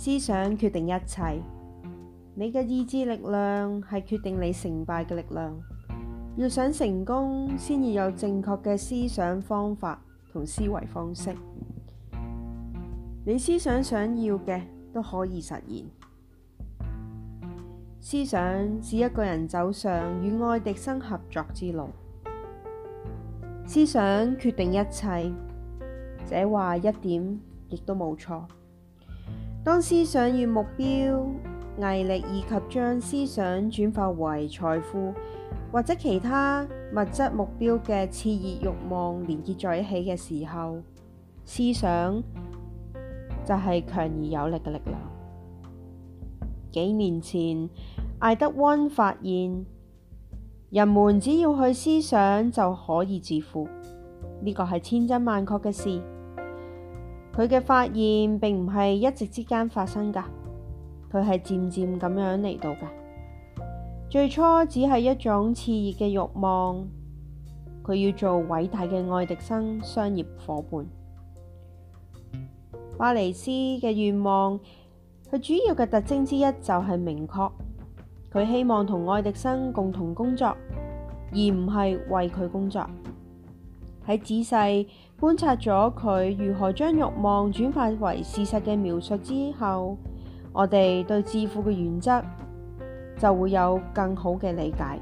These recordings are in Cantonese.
思想決定一切，你嘅意志力量係決定你成敗嘅力量。要想成功，先要有正確嘅思想方法同思維方式。你思想想要嘅都可以實現。思想使一個人走上與愛迪生合作之路。思想決定一切，這話一點亦都冇錯。當思想與目標、毅力以及將思想轉化為財富或者其他物質目標嘅熾熱慾望連結在一起嘅時候，思想就係強而有力嘅力量。幾年前，艾德溫發現，人們只要去思想就可以致富，呢、這個係千真萬確嘅事。佢嘅發現並唔係一直之間發生噶，佢係漸漸咁樣嚟到噶。最初只係一種熾熱嘅慾望，佢要做偉大嘅愛迪生商業夥伴。巴尼斯嘅願望，佢主要嘅特徵之一就係明確，佢希望同愛迪生共同工作，而唔係為佢工作。喺仔細。觀察咗佢如何將欲望轉化為事實嘅描述之後，我哋對致富嘅原則就會有更好嘅理解。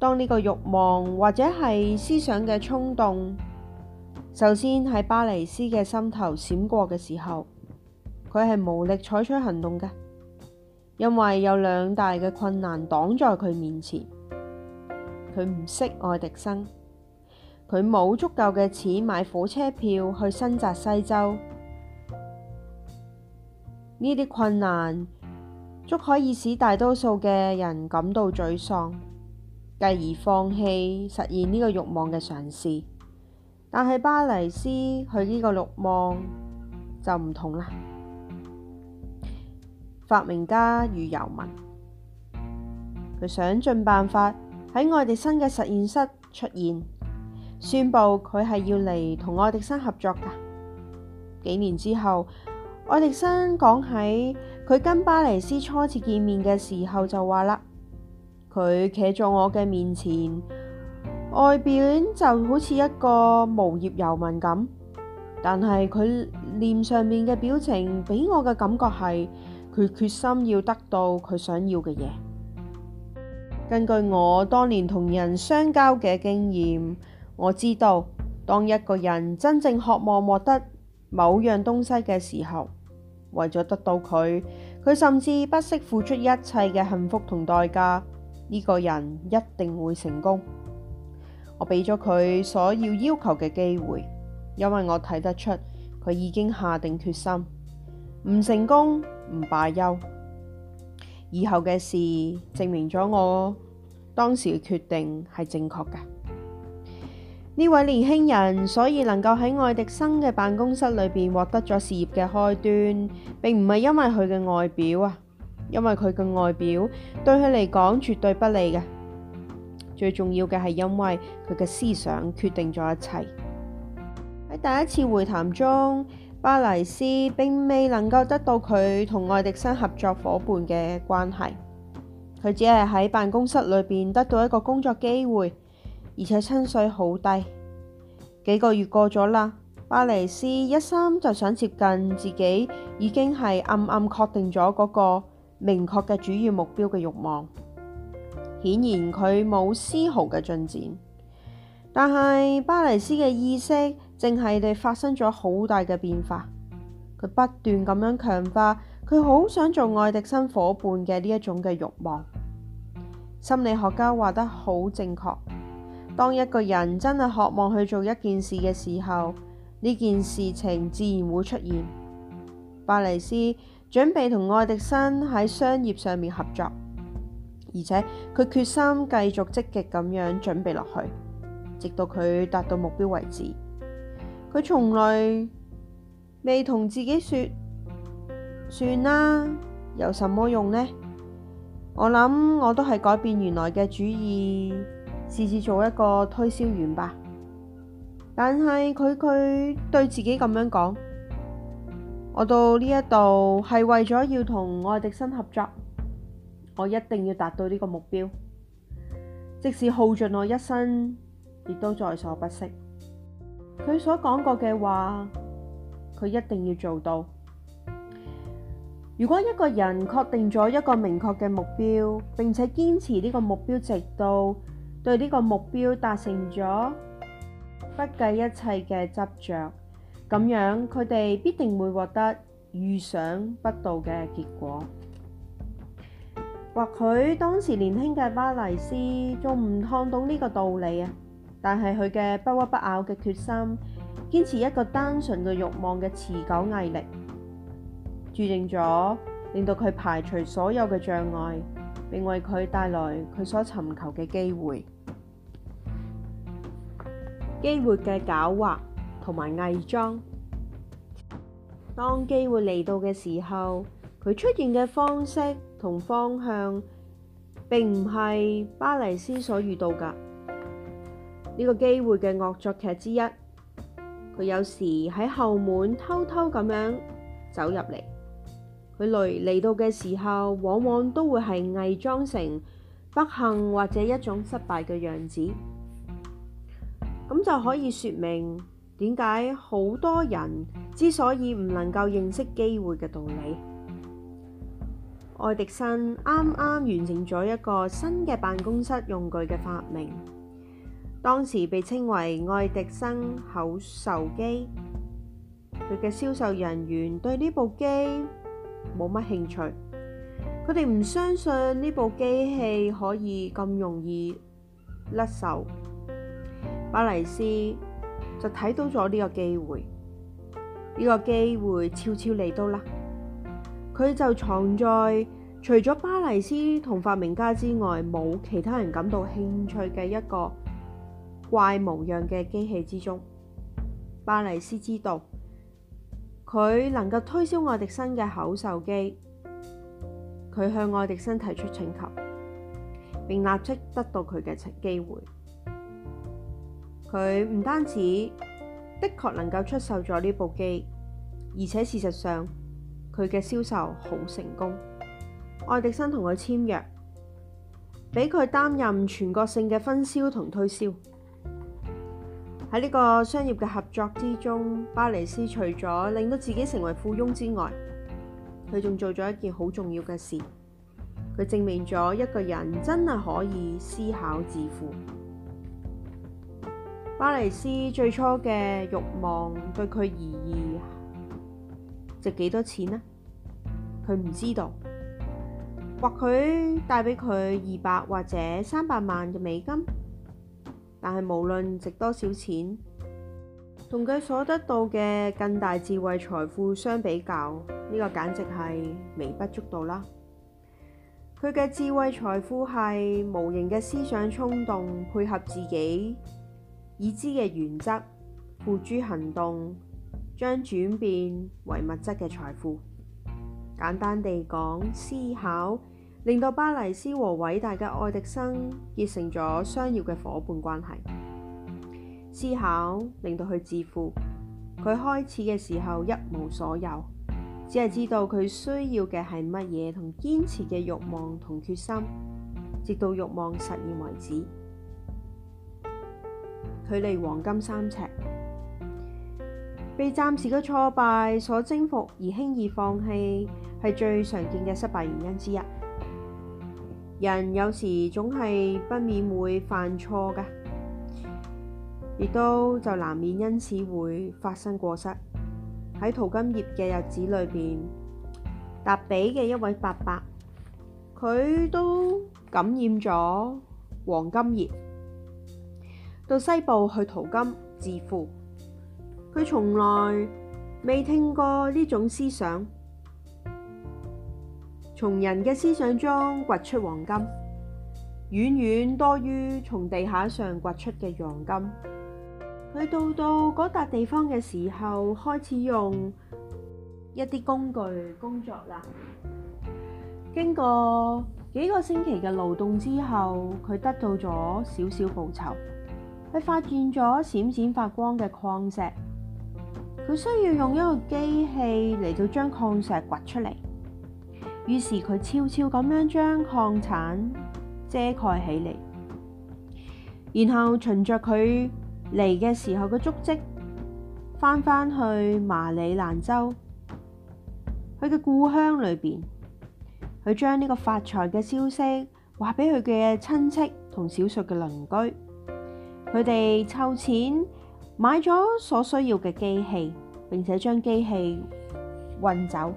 當呢個欲望或者係思想嘅衝動，首先喺巴黎斯嘅心頭閃過嘅時候，佢係無力採取行動嘅，因為有兩大嘅困難擋在佢面前。佢唔識愛迪生。佢冇足夠嘅錢買火車票去新澤西州，呢啲困難足可以使大多數嘅人感到沮喪，繼而放棄實現呢個慾望嘅嘗試。但係，巴黎斯去呢個慾望就唔同啦。發明家與遊民，佢想盡辦法喺我哋新嘅實驗室出現。宣布佢係要嚟同愛迪生合作噶。幾年之後，愛迪生講喺佢跟巴黎斯初次見面嘅時候就話啦：佢企在我嘅面前，外表就好似一個無業遊民咁，但係佢臉上面嘅表情俾我嘅感覺係佢決心要得到佢想要嘅嘢。根據我當年同人相交嘅經驗。我知道，當一個人真正渴望獲得某樣東西嘅時候，為咗得到佢，佢甚至不惜付出一切嘅幸福同代價。呢個人一定會成功。我俾咗佢所要要求嘅機會，因為我睇得出佢已經下定決心，唔成功唔罷休。以後嘅事證明咗我當時嘅決定係正確嘅。呢位年輕人所以能夠喺愛迪生嘅辦公室裏邊獲得咗事業嘅開端，並唔係因為佢嘅外表啊，因為佢嘅外表對佢嚟講絕對不利嘅。最重要嘅係因為佢嘅思想決定咗一切。喺第一次會談中，巴尼斯並未能夠得到佢同愛迪生合作夥伴嘅關係，佢只係喺辦公室裏邊得到一個工作機會。而且薪水好低，幾個月過咗啦。巴黎斯一心就想接近自己，已經係暗暗確定咗嗰個明確嘅主要目標嘅慾望。顯然佢冇絲毫嘅進展，但係巴黎斯嘅意識淨係哋發生咗好大嘅變化。佢不斷咁樣強化，佢好想做愛迪生夥伴嘅呢一種嘅慾望。心理學家話得好正確。當一個人真係渴望去做一件事嘅時候，呢件事情自然會出現。巴黎斯準備同愛迪生喺商業上面合作，而且佢決心繼續積極咁樣準備落去，直到佢達到目標為止。佢從來未同自己說：算啦，有什麼用呢？我諗我都係改變原來嘅主意。試試做一個推銷員吧。但係佢佢對自己咁樣講：我到呢一度係為咗要同愛迪生合作，我一定要達到呢個目標，即使耗盡我一生，亦都在所不惜。佢所講過嘅話，佢一定要做到。如果一個人確定咗一個明確嘅目標，並且堅持呢個目標直到。對呢個目標達成咗不計一切嘅執着，咁樣佢哋必定會獲得預想不到嘅結果。或許當時年輕嘅巴黎斯仲唔看懂呢個道理啊，但係佢嘅不屈不拗嘅決心，堅持一個單純嘅欲望嘅持久毅力，注定咗令到佢排除所有嘅障礙，並為佢帶來佢所尋求嘅機會。機會嘅狡猾同埋偽裝，當機會嚟到嘅時候，佢出現嘅方式同方向，並唔係巴黎斯所遇到噶。呢個機會嘅惡作劇之一，佢有時喺後門偷偷咁樣走入嚟。佢來嚟到嘅時候，往往都會係偽裝成不幸或者一種失敗嘅樣子。咁就可以說明點解好多人之所以唔能夠認識機會嘅道理。愛迪生啱啱完成咗一個新嘅辦公室用具嘅發明，當時被稱為愛迪生口授機。佢嘅銷售人員對呢部機冇乜興趣，佢哋唔相信呢部機器可以咁容易甩手。巴黎斯就睇到咗呢個機會，呢個機會悄悄嚟到啦。佢就藏在除咗巴黎斯同發明家之外，冇其他人感到興趣嘅一個怪模樣嘅機器之中。巴黎斯知道佢能夠推銷愛迪生嘅口授機，佢向愛迪生提出請求，並立即得到佢嘅機會。佢唔單止的確能夠出售咗呢部機，而且事實上佢嘅銷售好成功。愛迪生同佢簽約，俾佢擔任全國性嘅分銷同推銷。喺呢個商業嘅合作之中，巴黎斯除咗令到自己成為富翁之外，佢仲做咗一件好重要嘅事，佢證明咗一個人真係可以思考致富。巴黎斯最初嘅慾望對佢而言值幾多錢呢？佢唔知道，或許帶俾佢二百或者三百萬嘅美金，但係無論值多少錢，同佢所得到嘅更大智慧財富相比較，呢個簡直係微不足道啦。佢嘅智慧財富係無形嘅思想衝動，配合自己已知嘅原則，付諸行動，將轉變為物質嘅財富。簡單地講，思考令到巴黎斯和偉大嘅愛迪生結成咗商業嘅伙伴關係。思考令到佢致富。佢開始嘅時候一無所有，只係知道佢需要嘅係乜嘢，同堅持嘅慾望同決心，直到慾望實現為止。距離黃金三尺，被暫時嘅挫敗所征服而輕易放棄，係最常見嘅失敗原因之一。人有時總係不免會犯錯㗎，亦都就難免因此會發生過失。喺淘金業嘅日子裏邊，達比嘅一位伯伯，佢都感染咗黃金熱。到西部去淘金致富，佢從來未聽過呢種思想。從人嘅思想中掘出黃金，遠遠多於從地下上掘出嘅黃金。佢到到嗰笪地方嘅時候，開始用一啲工具工作啦。經過幾個星期嘅勞動之後，佢得到咗少少報酬。佢發現咗閃閃發光嘅礦石，佢需要用一個機器嚟到將礦石掘出嚟。於是佢悄悄咁樣將礦產遮蓋起嚟，然後循着佢嚟嘅時候嘅足跡，翻返去馬里蘭州，佢嘅故鄉裏邊，佢將呢個發財嘅消息話俾佢嘅親戚同少數嘅鄰居。佢哋湊錢買咗所需要嘅機器，並且將機器運走。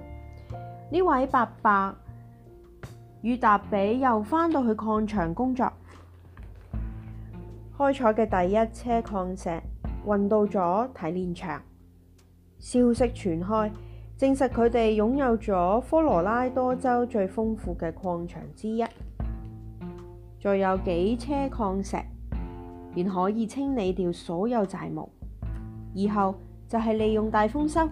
呢位伯伯與達比又返到去礦場工作，開採嘅第一車礦石運到咗提煉場。消息傳開，證實佢哋擁有咗科羅拉多州最豐富嘅礦場之一。仲有幾車礦石。便可以清理掉所有債務，以後就係利用大豐收，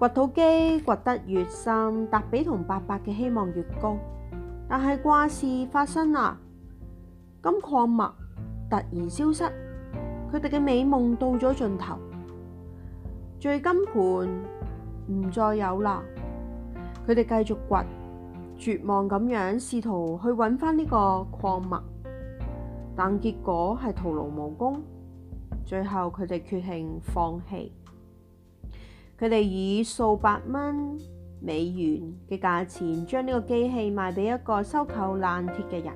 掘土機掘得越深，達比同伯伯嘅希望越高。但係怪事發生啦，金礦物突然消失，佢哋嘅美夢到咗盡頭，最金盤唔再有啦。佢哋繼續掘，絕望咁樣試圖去搵翻呢個礦物。但結果係徒勞無功，最後佢哋決定放棄。佢哋以數百蚊美元嘅價錢將呢個機器賣俾一個收購爛鐵嘅人，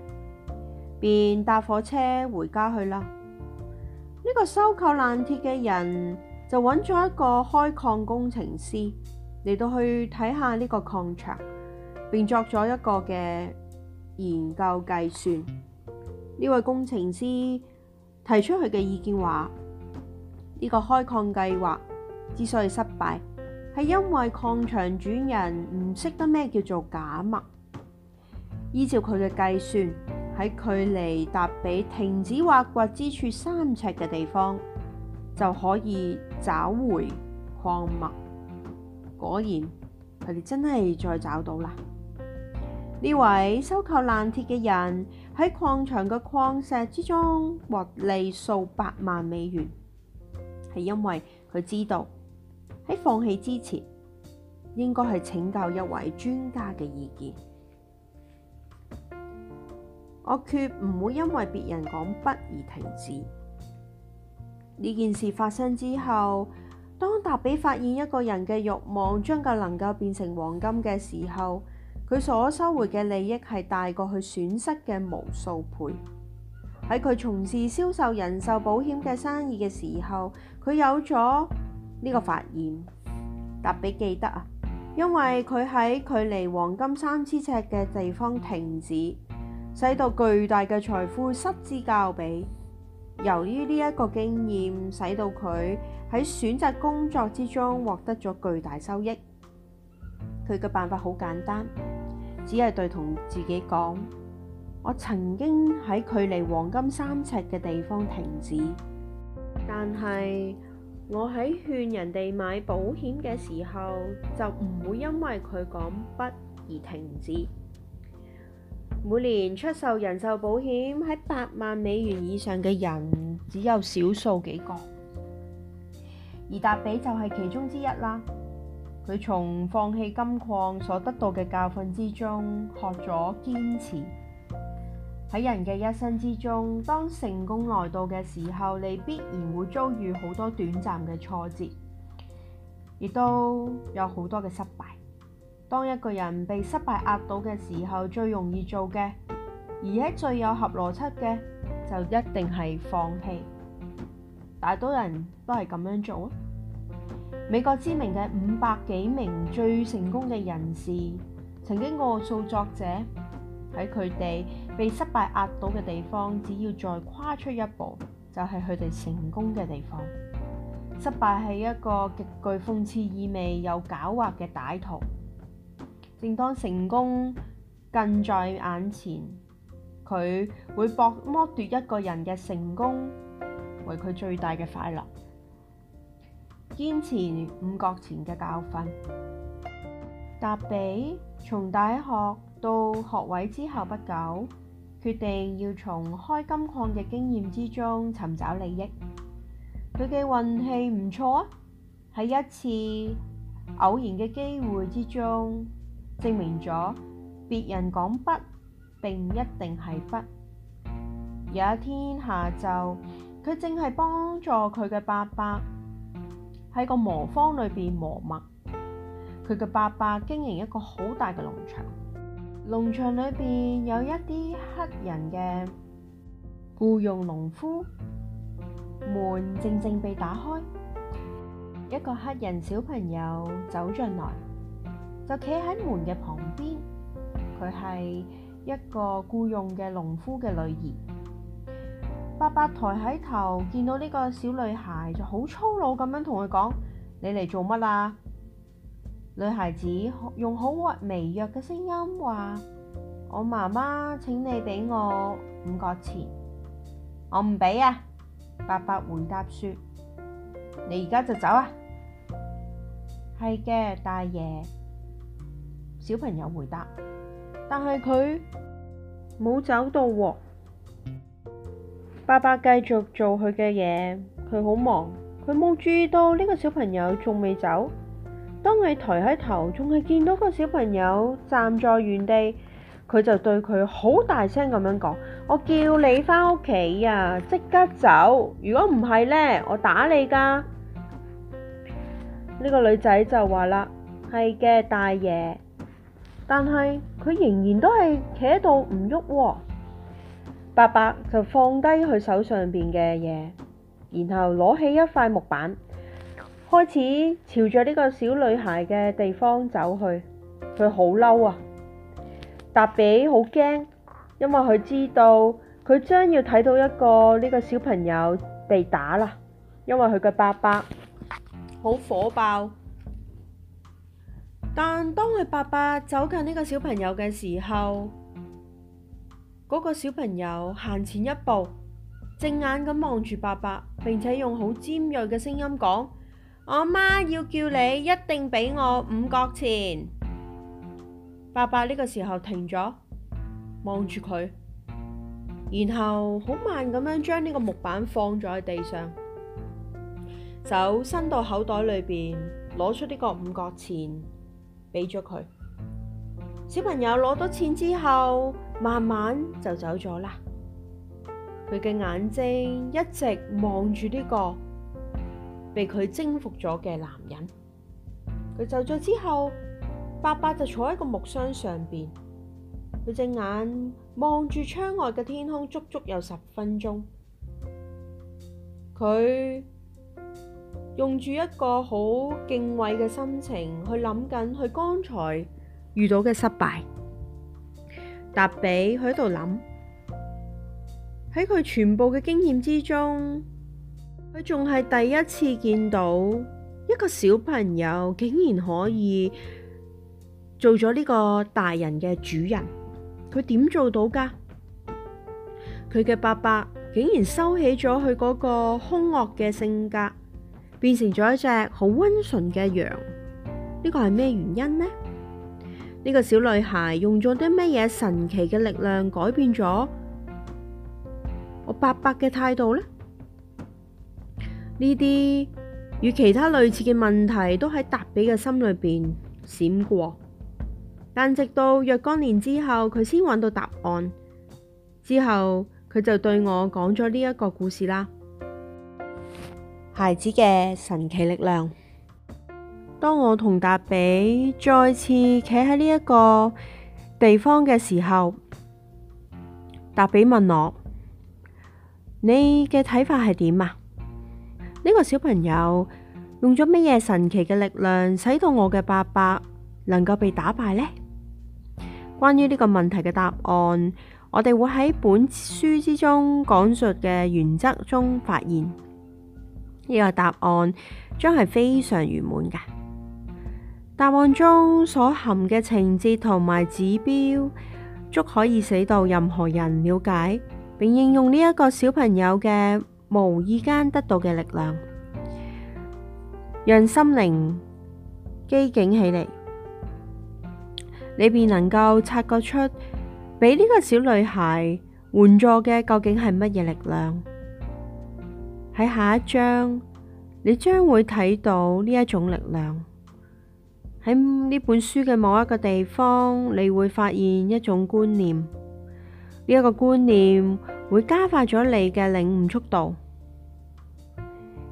便搭火車回家去啦。呢個收購爛鐵嘅人就揾咗一個開礦工程師嚟到去睇下呢個礦場，並作咗一個嘅研究計算。呢位工程師提出佢嘅意見話：呢、這個開礦計劃之所以失敗，係因為礦場主人唔識得咩叫做假物。依照佢嘅計算，喺距離達比停止挖掘之處三尺嘅地方就可以找回礦物。果然佢哋真係再找到啦！呢位收購爛鐵嘅人。喺礦場嘅礦石之中獲利數百萬美元，係因為佢知道，喺放棄之前應該係請教一位專家嘅意見。我決唔會因為別人講不而停止。呢件事發生之後，當達比發現一個人嘅慾望將夠能夠變成黃金嘅時候。佢所收回嘅利益係大過佢損失嘅無數倍。喺佢從事銷售人壽保險嘅生意嘅時候，佢有咗呢個發現，特別記得啊。因為佢喺距離黃金三呎嘅地方停止，使到巨大嘅財富失之交臂。由於呢一個經驗，使到佢喺選擇工作之中獲得咗巨大收益。佢嘅辦法好簡單，只係對同自己講：我曾經喺距離黃金三尺嘅地方停止，但係我喺勸人哋買保險嘅時候就唔會因為佢講不而停止。每年出售人壽保險喺八萬美元以上嘅人只有少數幾個，而達比就係其中之一啦。佢從放棄金礦所得到嘅教訓之中，學咗堅持。喺人嘅一生之中，當成功來到嘅時候，你必然會遭遇好多短暫嘅挫折，亦都有好多嘅失敗。當一個人被失敗壓倒嘅時候，最容易做嘅，而且最有合邏輯嘅，就一定係放棄。大多人都係咁樣做。美國知名嘅五百幾名最成功嘅人士，曾經告訴作者，喺佢哋被失敗壓倒嘅地方，只要再跨出一步，就係佢哋成功嘅地方。失敗係一個極具諷刺意味又狡猾嘅歹徒，正當成功近在眼前，佢會博剝奪一個人嘅成功，為佢最大嘅快樂。堅持五角錢嘅教訓，達比從大學到學位之後不久，決定要從開金礦嘅經驗之中尋找利益。佢嘅運氣唔錯啊，喺一次偶然嘅機會之中，證明咗別人講不並唔一定係不。有一天下晝，佢正係幫助佢嘅伯伯。喺個磨坊裏邊磨墨。佢嘅爸爸經營一個好大嘅農場，農場裏邊有一啲黑人嘅雇傭農夫。門靜靜被打開，一個黑人小朋友走進來，就企喺門嘅旁邊。佢係一個雇傭嘅農夫嘅女兒。伯伯抬起頭，見到呢個小女孩，就好粗魯咁樣同佢講：，你嚟做乜啊？女孩子用好微弱嘅聲音話：，我媽媽請你俾我五角錢，我唔俾啊！伯伯回答說：，你而家就走啊！係嘅，大爺。小朋友回答，但係佢冇走到喎、啊。爸爸繼續做佢嘅嘢，佢好忙，佢冇注意到呢個小朋友仲未走。當佢抬起頭，仲係見到個小朋友站在原地，佢就對佢好大聲咁樣講：，我叫你翻屋企啊，即刻走！如果唔係呢，我打你噶。呢個女仔就話啦：，係嘅，大爺，但係佢仍然都係企喺度唔喐。爸爸就放低佢手上邊嘅嘢，然後攞起一塊木板，開始朝著呢個小女孩嘅地方走去。佢好嬲啊！達比好驚，因為佢知道佢將要睇到一個呢個小朋友被打啦，因為佢嘅爸爸好火爆。但當佢爸爸走近呢個小朋友嘅時候，嗰個小朋友行前一步，正眼咁望住爸爸，並且用好尖銳嘅聲音講：我媽要叫你一定俾我五角錢。爸爸呢個時候停咗，望住佢，然後好慢咁樣將呢個木板放咗喺地上，手伸到口袋裏面，攞出呢個五角錢俾咗佢。小朋友攞到錢之後。慢慢就走咗啦。佢嘅眼睛一直望住呢個被佢征服咗嘅男人。佢走咗之後，伯伯就坐喺個木箱上邊，佢隻眼望住窗外嘅天空，足足有十分鐘。佢用住一個好敬畏嘅心情去諗緊佢剛才遇到嘅失敗。答比佢喺度諗，喺佢全部嘅經驗之中，佢仲係第一次見到一個小朋友竟然可以做咗呢個大人嘅主人，佢點做到㗎？佢嘅伯伯竟然收起咗佢嗰個凶惡嘅性格，變成咗一隻好溫順嘅羊，呢個係咩原因呢？呢、這個小女孩用咗啲咩嘢神奇嘅力量改變咗我伯伯嘅態度呢？呢啲與其他類似嘅問題都喺達比嘅心裏邊閃過，但直到若干年之後，佢先揾到答案。之後佢就對我講咗呢一個故事啦。孩子嘅神奇力量。當我同達比再次企喺呢一個地方嘅時候，達比問我：你嘅睇法係點啊？呢個小朋友用咗乜嘢神奇嘅力量，使到我嘅伯伯能夠被打敗呢？關於呢個問題嘅答案，我哋會喺本書之中講述嘅原則中發現呢個答案，將係非常圓滿噶。答案中所含嘅情節同埋指標，足可以使到任何人了解，並應用呢一個小朋友嘅無意間得到嘅力量，讓心靈機警起嚟，你便能夠察覺出俾呢個小女孩援助嘅究竟係乜嘢力量。喺下一章，你將會睇到呢一種力量。喺呢本書嘅某一個地方，你會發現一種觀念。呢一個觀念會加快咗你嘅領悟速度，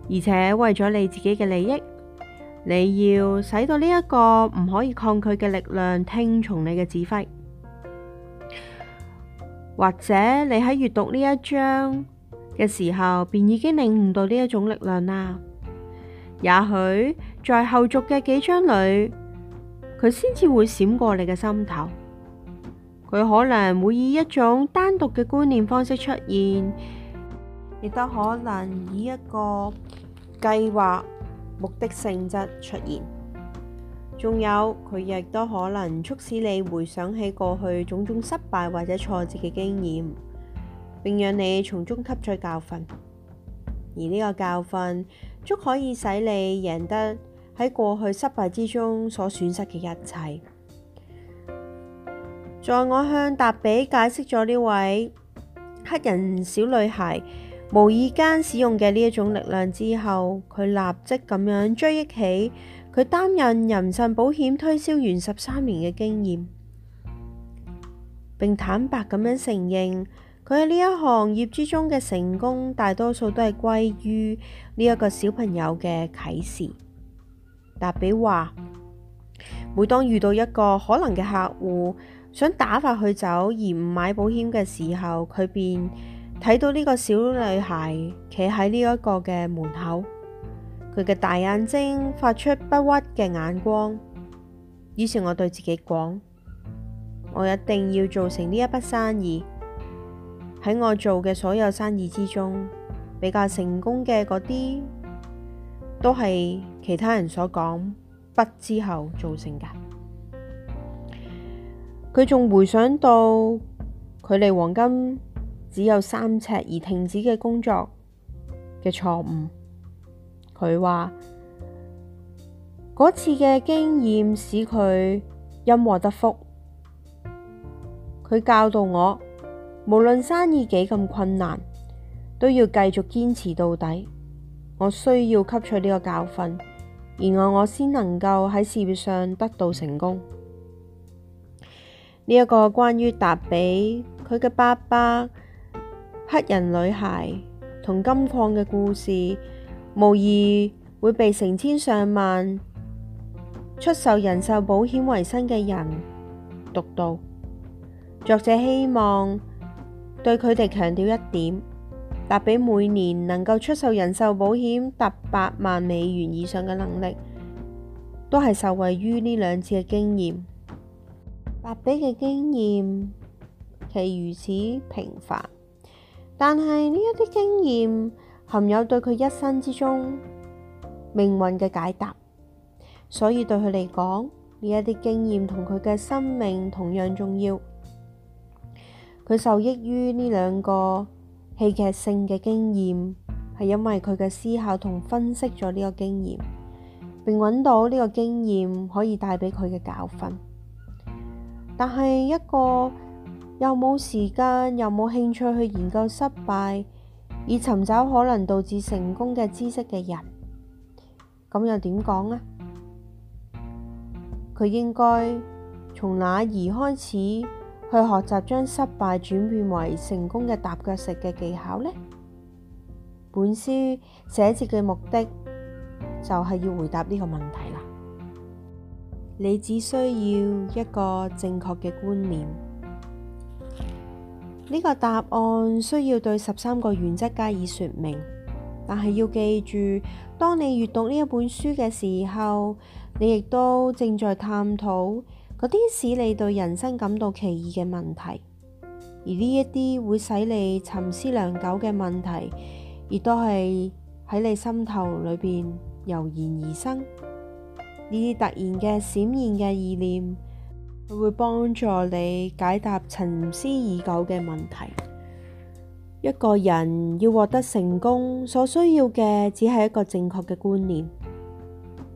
而且為咗你自己嘅利益，你要使到呢一個唔可以抗拒嘅力量，聽從你嘅指揮。或者你喺閱讀呢一章嘅時候，便已經領悟到呢一種力量啦。也許在後續嘅幾章裏。佢先至會閃過你嘅心頭，佢可能會以一種單獨嘅觀念方式出現，亦都可能以一個計劃目的性質出現。仲有，佢亦都可能促使你回想起過去種種失敗或者挫折嘅經驗，並讓你從中吸取教訓，而呢個教訓足可以使你贏得。喺過去失敗之中所損失嘅一切。在我向達比解釋咗呢位黑人小女孩無意間使用嘅呢一種力量之後，佢立即咁樣追憶起佢擔任人壽保險推銷員十三年嘅經驗，並坦白咁樣承認佢喺呢一行業之中嘅成功，大多數都係歸於呢一個小朋友嘅啟示。達比話，每當遇到一個可能嘅客戶想打發佢走而唔買保險嘅時候，佢便睇到呢個小女孩企喺呢一個嘅門口，佢嘅大眼睛發出不屈嘅眼光。於是我對自己講：我一定要做成呢一筆生意。喺我做嘅所有生意之中，比較成功嘅嗰啲，都係。其他人所講不之後造成嘅，佢仲回想到距離黃金只有三尺而停止嘅工作嘅錯誤。佢話嗰次嘅經驗使佢因禍得福。佢教導我，無論生意幾咁困難，都要繼續堅持到底。我需要吸取呢個教訓。然而我，我先能夠喺事業上得到成功。呢、這、一個關於達比佢嘅爸爸黑人女孩同金礦嘅故事，無疑會被成千上萬出售人壽保險為生嘅人讀到。作者希望對佢哋強調一點。達比每年能夠出售人壽保險達百萬美元以上嘅能力，都係受惠於呢兩次嘅經驗。達比嘅經驗其如此平凡，但係呢一啲經驗含有對佢一生之中命運嘅解答，所以對佢嚟講，呢一啲經驗同佢嘅生命同樣重要。佢受益於呢兩個戲劇性嘅經驗，係因為佢嘅思考同分析咗呢個經驗，並搵到呢個經驗可以帶俾佢嘅教訓。去學習將失敗轉變為成功嘅踏腳石嘅技巧呢？本書寫字嘅目的就係要回答呢個問題啦。你只需要一個正確嘅觀念，呢個答案需要對十三個原則加以說明，但係要記住，當你閱讀呢一本書嘅時候，你亦都正在探討。嗰啲使你對人生感到奇異嘅問題，而呢一啲會使你沉思良久嘅問題，亦都係喺你心頭裏邊油然而生。呢啲突然嘅閃現嘅意念，佢會幫助你解答沉思已久嘅問題。一個人要獲得成功，所需要嘅只係一個正確嘅觀念。呢、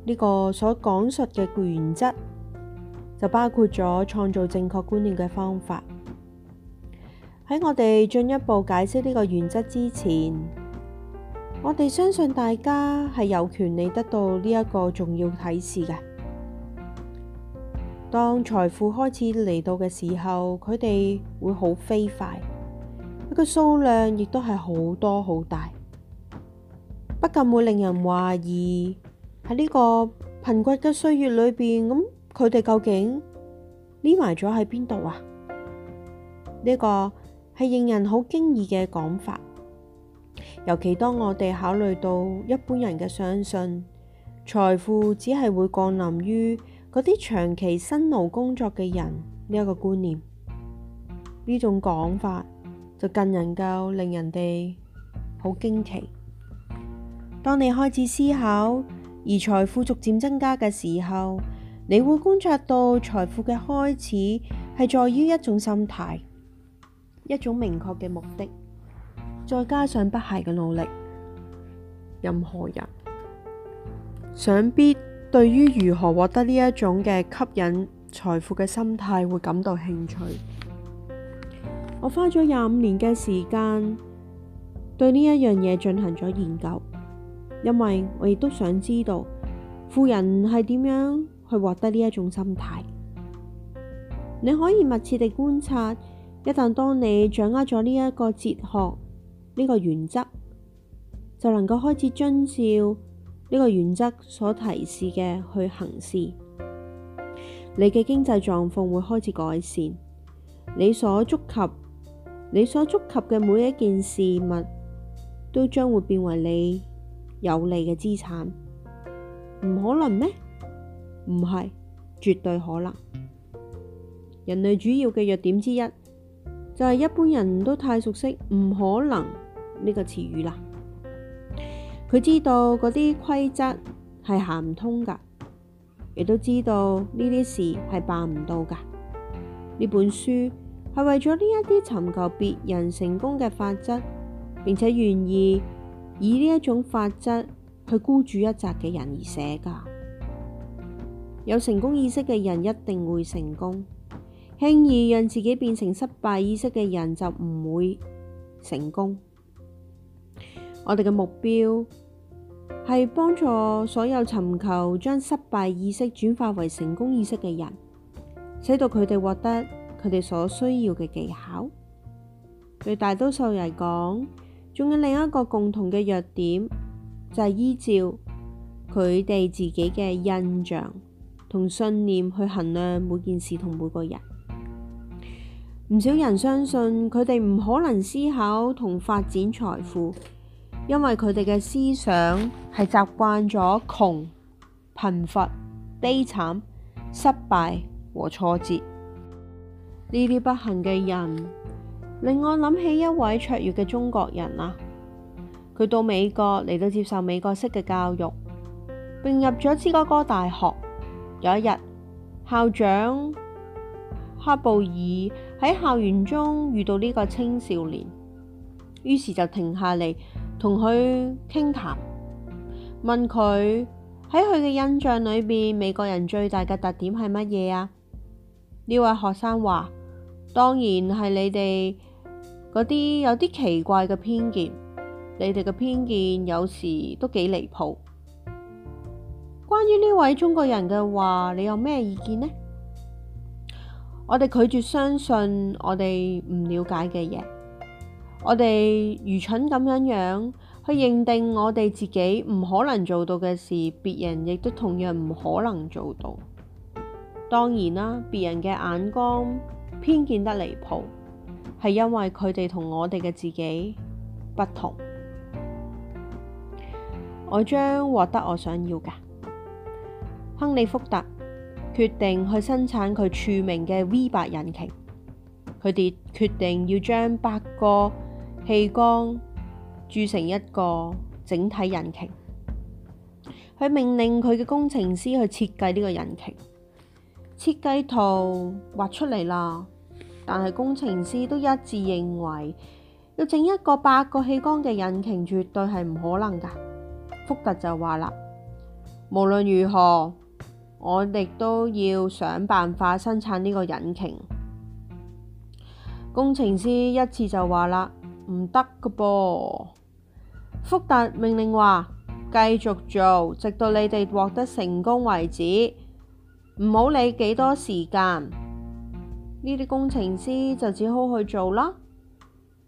呢個所講述嘅原則。就包括咗創造正確觀念嘅方法。喺我哋進一步解釋呢個原則之前，我哋相信大家係有權利得到呢一個重要提示嘅。當財富開始嚟到嘅時候，佢哋會好飛快，佢嘅數量亦都係好多好大，不禁會令人懷疑喺呢個貧困嘅歲月裏邊，咁。佢哋究竟匿埋咗喺邊度啊？呢個係令人好驚異嘅講法，尤其當我哋考慮到一般人嘅相信，財富只係會降臨於嗰啲長期辛勞工作嘅人呢一個觀念，呢種講法就更能夠令人哋好驚奇。當你開始思考而財富逐漸增加嘅時候。你會觀察到財富嘅開始係在於一種心態，一種明確嘅目的，再加上不懈嘅努力。任何人想必對於如何獲得呢一種嘅吸引財富嘅心態會感到興趣。我花咗廿五年嘅時間對呢一樣嘢進行咗研究，因為我亦都想知道富人係點樣。去獲得呢一種心態，你可以密切地觀察。一旦當你掌握咗呢一個哲學呢個原則，就能夠開始遵照呢個原則所提示嘅去行事。你嘅經濟狀況會開始改善，你所觸及，你所觸及嘅每一件事物，都將會變為你有利嘅資產。唔可能咩？唔係，絕對可能。人類主要嘅弱點之一就係一般人都太熟悉唔可能呢個詞語啦。佢知道嗰啲規則係行唔通㗎，亦都知道呢啲事係辦唔到㗎。呢本書係為咗呢一啲尋求別人成功嘅法則，並且願意以呢一種法則去孤注一擲嘅人而寫㗎。有成功意識嘅人一定會成功，輕易讓自己變成失敗意識嘅人就唔會成功。我哋嘅目標係幫助所有尋求將失敗意識轉化為成功意識嘅人，使到佢哋獲得佢哋所需要嘅技巧。對大多數嚟講，仲有另一個共同嘅弱點就係、是、依照佢哋自己嘅印象同信念去衡量每件事同每個人，唔少人相信佢哋唔可能思考同發展財富，因為佢哋嘅思想係習慣咗窮、貧乏、悲慘、失敗和挫折呢啲不幸嘅人，令我諗起一位卓越嘅中國人啊！佢到美國嚟到接受美國式嘅教育，並入咗芝加哥大學。有一日，校長哈布爾喺校園中遇到呢個青少年，於是就停下嚟同佢傾談，問佢喺佢嘅印象裏邊，美國人最大嘅特點係乜嘢呀？呢位學生話：當然係你哋嗰啲有啲奇怪嘅偏見，你哋嘅偏見有時都幾離譜。關於呢位中國人嘅話，你有咩意見呢？我哋拒絕相信我哋唔了解嘅嘢，我哋愚蠢咁樣樣去認定我哋自己唔可能做到嘅事，別人亦都同樣唔可能做到。當然啦，別人嘅眼光偏見得離譜，係因為佢哋同我哋嘅自己不同。我將獲得我想要嘅。亨利福特決定去生產佢著名嘅 V 八引擎，佢哋決定要將八個氣缸鑄成一個整體引擎。佢命令佢嘅工程師去設計呢個引擎，設計圖畫出嚟啦。但係工程師都一致認為要整一個八個氣缸嘅引擎絕對係唔可能㗎。福特就話啦，無論如何。我哋都要想辦法生產呢個引擎。工程師一次就話啦，唔得㗎噃。福特命令話，繼續做，直到你哋獲得成功為止。唔好理幾多時間。呢啲工程師就只好去做啦。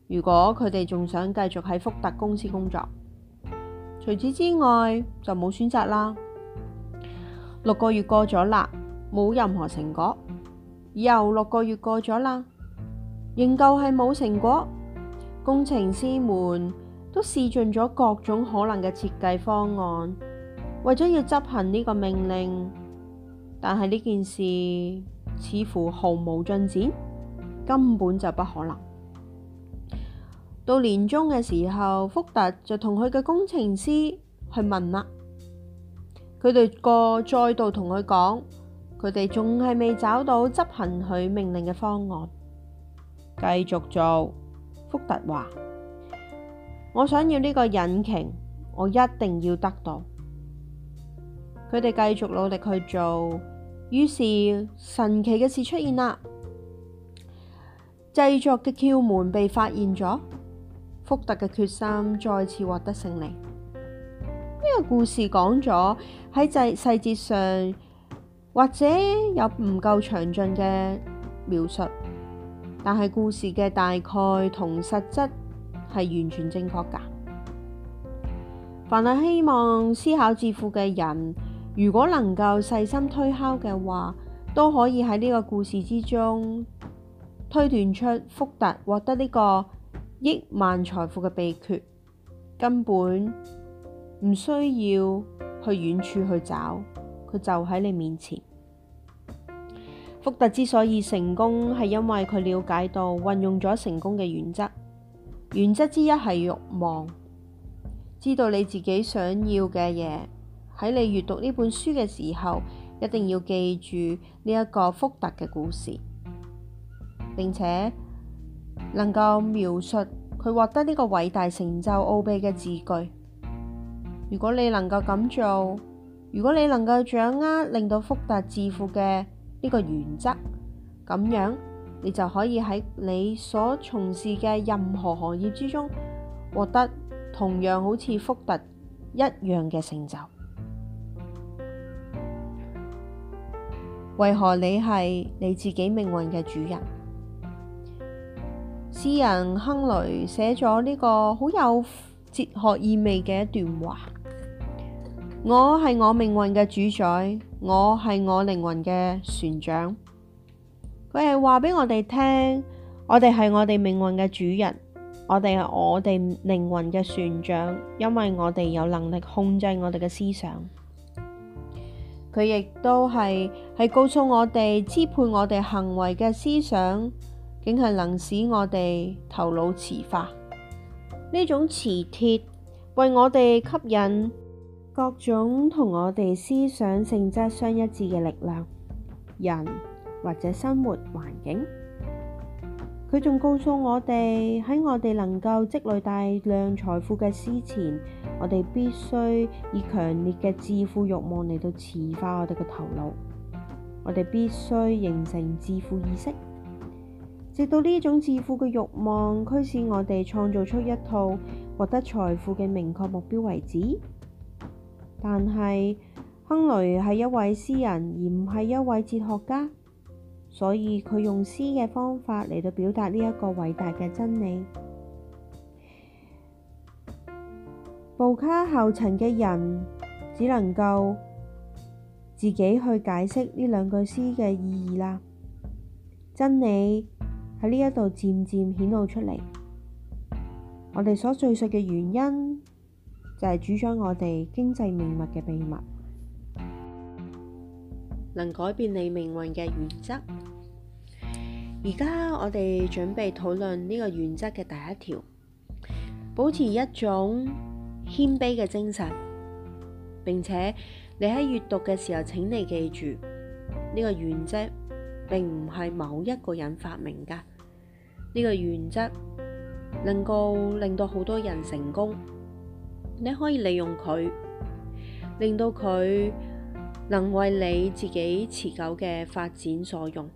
如果佢哋仲想繼續喺福特公司工作，除此之外就冇選擇啦。六個月過咗啦，冇任何成果。又六個月過咗啦，仍舊係冇成果。工程師們都試盡咗各種可能嘅設計方案，為咗要執行呢個命令，但係呢件事似乎毫無進展，根本就不可能。到年終嘅時候，福特就同佢嘅工程師去問啦。佢哋個再度同佢講，佢哋仲係未找到執行佢命令嘅方案，繼續做。福特話：我想要呢個引擎，我一定要得到。佢哋繼續努力去做，於是神奇嘅事出現啦，製作嘅竅門被發現咗，福特嘅決心再次獲得勝利。呢、這個故事講咗喺細細節上，或者有唔夠詳盡嘅描述，但係故事嘅大概同實質係完全正確㗎。凡係希望思考致富嘅人，如果能夠細心推敲嘅話，都可以喺呢個故事之中推斷出福特獲得呢個億萬財富嘅秘訣根本。唔需要去遠處去找，佢就喺你面前。福特之所以成功，係因為佢了解到運用咗成功嘅原則。原則之一係慾望，知道你自己想要嘅嘢。喺你閱讀呢本書嘅時候，一定要記住呢一個福特嘅故事，並且能夠描述佢獲得呢個偉大成就奧秘嘅字句。如果你能夠咁做，如果你能夠掌握令到福特致富嘅呢個原則，咁樣你就可以喺你所從事嘅任何行業之中獲得同樣好似福特一樣嘅成就。為何你係你自己命運嘅主人？詩人亨雷寫咗呢個好有哲學意味嘅一段話。我係我命運嘅主宰，我係我靈魂嘅船長。佢係話俾我哋聽，我哋係我哋命運嘅主人，我哋係我哋靈魂嘅船長，因為我哋有能力控制我哋嘅思想。佢亦都係係告訴我哋支配我哋行為嘅思想，竟係能使我哋頭腦磁化。呢種磁鐵為我哋吸引。各種同我哋思想性質相一致嘅力量，人或者生活環境，佢仲告訴我哋喺我哋能夠積累大量財富嘅之前，我哋必須以強烈嘅致富慾望嚟到磁化我哋嘅頭腦，我哋必須形成致富意識，直到呢種致富嘅慾望驅使我哋創造出一套獲得財富嘅明確目標為止。但係，亨雷係一位詩人，而唔係一位哲學家，所以佢用詩嘅方法嚟到表達呢一個偉大嘅真理。布卡後塵嘅人只能夠自己去解釋呢兩句詩嘅意義啦。真理喺呢一度漸漸顯露出嚟，我哋所敘述嘅原因，就係主張我哋經濟命脈嘅秘密，能改變你命運嘅原則。而家我哋準備討論呢個原則嘅第一條，保持一種謙卑嘅精神。並且你喺閲讀嘅時候，請你記住呢個原則並唔係某一個人發明㗎。呢個原則能夠令到好多人成功。你可以利用佢，令到佢能為你自己持久嘅發展所用。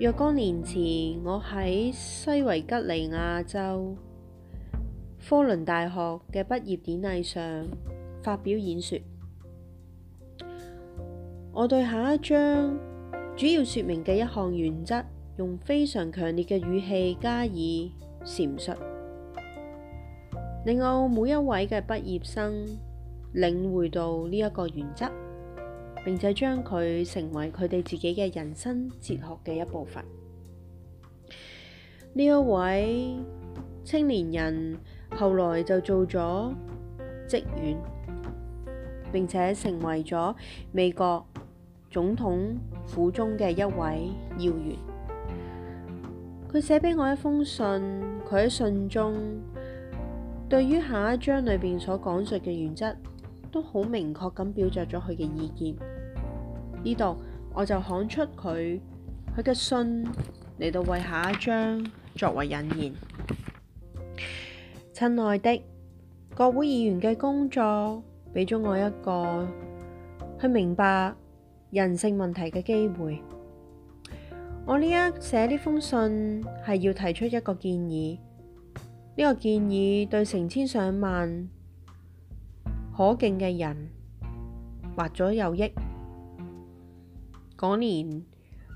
若干年前，我喺西維吉尼亞州科倫大學嘅畢業典禮上發表演說，我對下一章主要說明嘅一項原則用非常強烈嘅語氣加以闡述。令我每一位嘅畢業生領會到呢一個原則，並且將佢成為佢哋自己嘅人生哲學嘅一部分。呢一位青年人後來就做咗職員，並且成為咗美國總統府中嘅一位要員。佢寫俾我一封信，佢喺信中。對於下一章裏邊所講述嘅原則，都好明確咁表達咗佢嘅意見。呢度我就刊出佢，佢嘅信嚟到為下一章作為引言。親愛的國會議員嘅工作，俾咗我一個去明白人性問題嘅機會。我呢日寫呢封信係要提出一個建議。呢、這個建議對成千上萬可敬嘅人劃咗有益。嗰年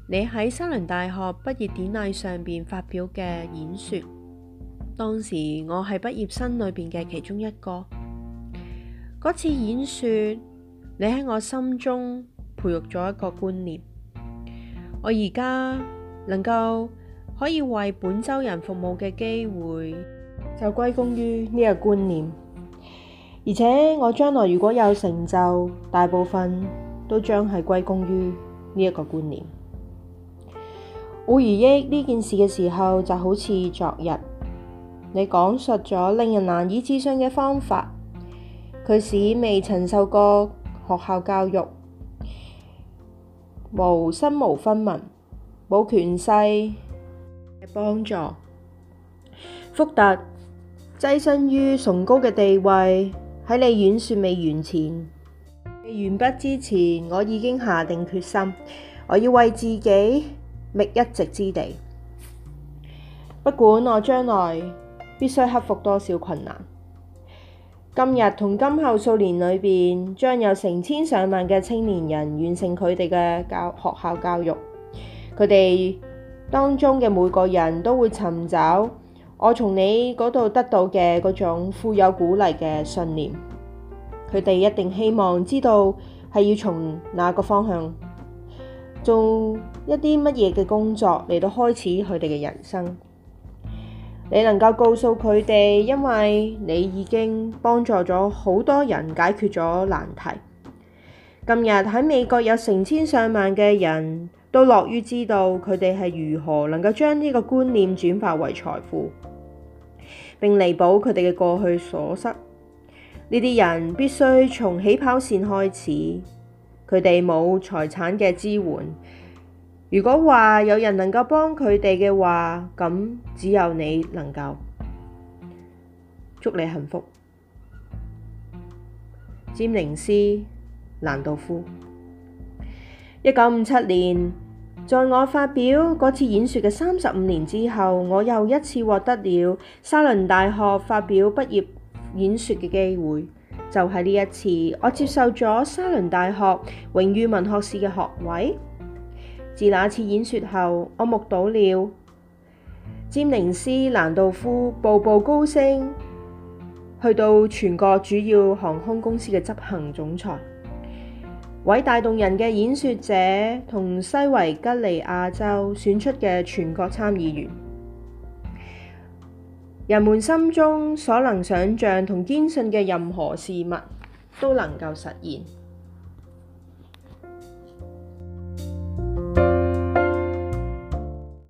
你喺三聯大學畢業典禮上邊發表嘅演說，當時我係畢業生裏邊嘅其中一個。嗰次演說，你喺我心中培育咗一個觀念，我而家能夠可以為本州人服務嘅機會。就歸功於呢一個觀念，而且我將來如果有成就，大部分都將係歸功於呢一個觀念。我回憶呢件事嘅時候，就好似昨日你講述咗令人難以置信嘅方法，佢使未曾受過學校教育、無身無分文、冇權勢嘅幫助，福特。躋身於崇高嘅地位，喺你遠說未完前，未完畢之前，我已經下定決心，我要為自己覓一席之地。不管我將來必須克服多少困難，今日同今後數年裏邊，將有成千上萬嘅青年人完成佢哋嘅教學校教育，佢哋當中嘅每個人都會尋找。我從你嗰度得到嘅嗰種富有鼓勵嘅信念，佢哋一定希望知道係要從哪個方向做一啲乜嘢嘅工作嚟到開始佢哋嘅人生。你能夠告訴佢哋，因為你已經幫助咗好多人解決咗難題。今日喺美國有成千上萬嘅人都樂於知道佢哋係如何能夠將呢個觀念轉化為財富。並彌補佢哋嘅過去所失。呢啲人必須從起跑線開始，佢哋冇財產嘅支援。如果話有人能夠幫佢哋嘅話，咁只有你能夠。祝你幸福，詹寧斯·蘭道夫，一九五七年。在我發表嗰次演説嘅三十五年之後，我又一次獲得了沙倫大學發表畢業演説嘅機會。就係呢一次，我接受咗沙倫大學榮譽文學士嘅學位。自那次演説後，我目睹了詹寧斯蘭道夫步步高升，去到全國主要航空公司嘅執行總裁。偉大動人嘅演說者，同西維吉尼亞州選出嘅全國參議員，人們心中所能想像同堅信嘅任何事物，都能夠實現。